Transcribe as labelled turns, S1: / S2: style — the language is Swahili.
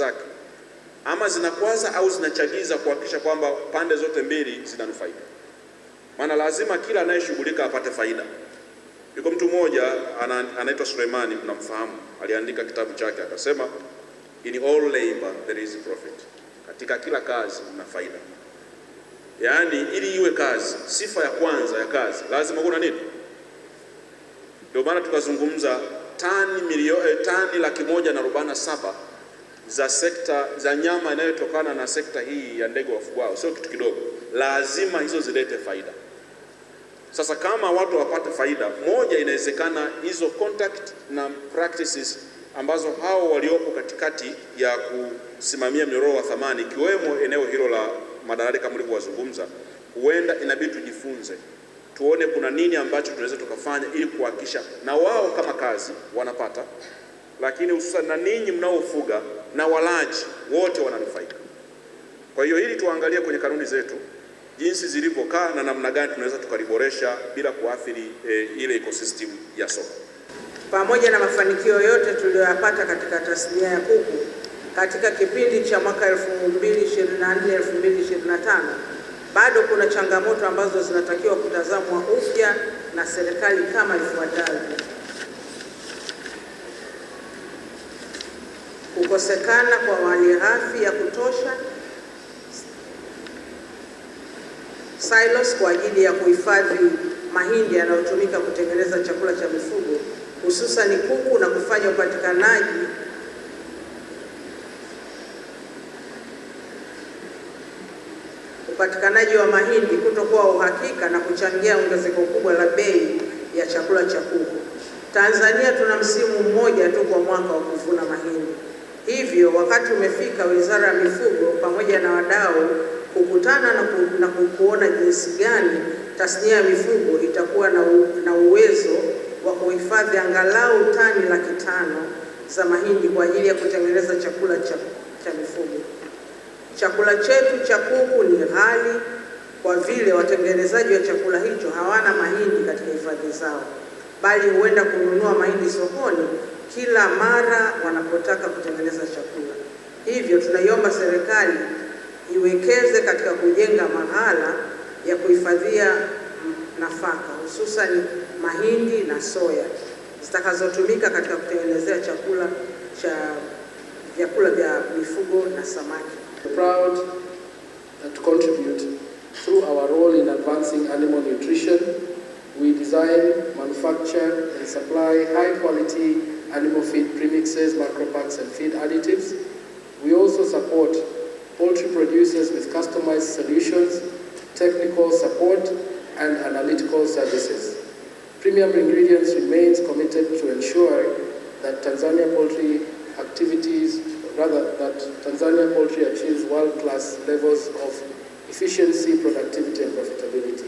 S1: zake ama zinakwaza au zinachagiza kuhakikisha kwamba pande zote mbili zinanufaika. Maana lazima kila anayeshughulika apate faida. Yuko mtu mmoja anaitwa Suleimani, mnamfahamu, aliandika kitabu chake akasema, in all labor there is profit, katika kila kazi kuna faida. Yaani ili iwe kazi, sifa ya kwanza ya kazi lazima kuna nini? Ndio maana tukazungumza tani milioni, eh, tani laki moja na arobaini na saba za sekta za nyama inayotokana na sekta hii ya ndege wafugwao sio kitu kidogo, lazima hizo zilete faida. Sasa kama watu wapate faida moja, inawezekana hizo contact na practices ambazo hao waliopo katikati ya kusimamia mnyororo wa thamani ikiwemo eneo hilo la madalali kama ulivyowazungumza, huenda inabidi tujifunze, tuone kuna nini ambacho tunaweza tukafanya ili kuhakikisha na wao kama kazi wanapata lakini hususan na ninyi mnaofuga na walaji wote wananufaika. Kwa hiyo hili tuangalie kwenye kanuni zetu jinsi zilivyokaa na namna gani tunaweza tukaliboresha bila kuathiri e, ile ecosystem ya soko.
S2: Pamoja na mafanikio yote tuliyoyapata katika tasnia ya kuku katika kipindi cha mwaka 2024 2025, bado kuna changamoto ambazo zinatakiwa kutazamwa upya na serikali kama ifuatavyo. kukosekana kwa malighafi ya kutosha silos kwa ajili ya kuhifadhi mahindi yanayotumika kutengeneza chakula cha mifugo hususani kuku na kufanya upatikanaji upatikanaji wa mahindi kutokuwa uhakika na kuchangia ongezeko kubwa la bei ya chakula cha kuku. Tanzania tuna msimu mmoja tu kwa mwaka wa kuvuna mahindi. Hivyo wakati umefika Wizara ya Mifugo pamoja na wadau kukutana na, ku, na kuona jinsi gani tasnia ya mifugo itakuwa na, u, na uwezo wa kuhifadhi angalau tani laki tano za mahindi kwa ajili ya kutengeneza chakula cha, cha mifugo. Chakula chetu cha kuku ni ghali kwa vile watengenezaji wa chakula hicho hawana mahindi katika hifadhi zao, bali huenda kununua mahindi sokoni kila mara wanapotaka kutengeneza chakula. Hivyo tunaiomba serikali iwekeze katika kujenga mahala ya kuhifadhia nafaka hususan mahindi na soya zitakazotumika katika kutengenezea chakula cha vyakula vya mifugo na samaki.
S3: We're Proud to contribute through our role in advancing animal nutrition. We design, manufacture and supply high quality animal feed premixes, macropacks, and feed additives. We also support poultry producers with customized solutions, technical support, and analytical services. Premium Ingredients remains committed to ensure that Tanzania poultry activities, rather that Tanzania poultry achieves world-class levels of efficiency, productivity, and profitability.